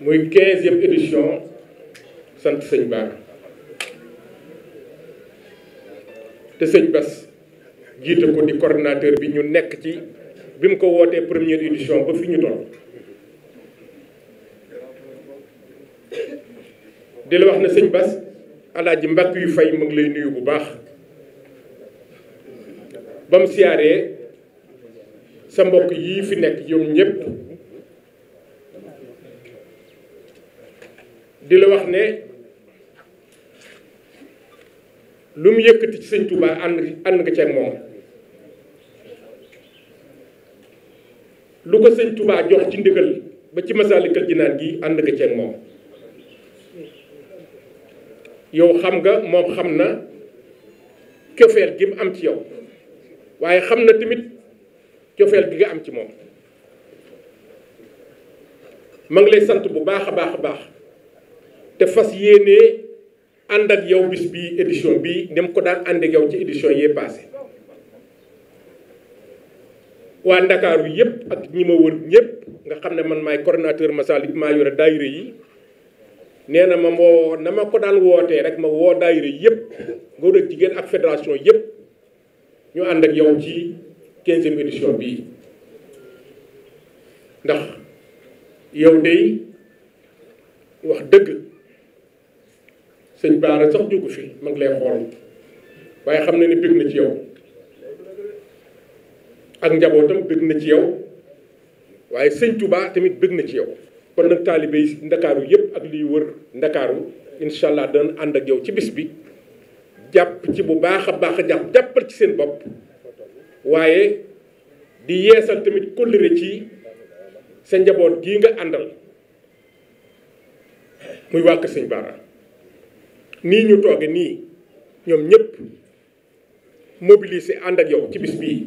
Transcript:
muy quinzième édition sant sëñ Bara te sëñ bas jiite ko di coordinateur bi ñu nekk ci bi mu ko wootee première édition ba fi ñu toll di la wax ne sëñ Bass alaaji mbàkk yu fay mu lay nuyu bu baax ba mu siyaaree sa mbokk yii fi nekk yow ñépp di la wax ne lu mu yëkkati ci sëñ Touba ànd nga ceeg moom lu ko sëñ tubaa jox ci ndigal ba ci Masaalikul Jinaan gi ànd nga ceeg moom yow xam nga moom xam na cofeel gi mu am ci yow waaye xam na tamit cofeel gi nga am ci moom ma ngi lay sant bu baax a baax a baax te fas yéenee ànd ak yow bis bii édition bii dem ko daan ànd ak yow ci édition yee passé waa ndakaaru yëpp ak ñi ma wër ñëpp nga xam ne man maay coordonnateur Massalik maa yore daayira yi nee na ma moo na ma ko daan wootee rek ma woo daayira yëpp góor ak jigéen ak fédération yëpp ñu ànd ak yow ci quinzième édition bii ndax yow day wax dëgg sëñ Baara sax jógu fi mag ngi lay xool waaye xam na ni bëgg na ci yow ak njabootam bëgg na ci yow waaye sëñ Touba tamit bëgg na ci yow. kon nag taalibe yi ndakaaru yëpp ak liy wër ndakaaru incha allah dana ànd ak yow ci bis bi jàpp ci bu baax a baax a jàpp jàppal ci seen bopp waaye di yeesal tamit kóllëre ci sa njaboot gii nga àndal muy wàkk sëñ Baara. nii ñu tooge nii ñoom ñëpp mobiliser ànd ak yow ci bis bii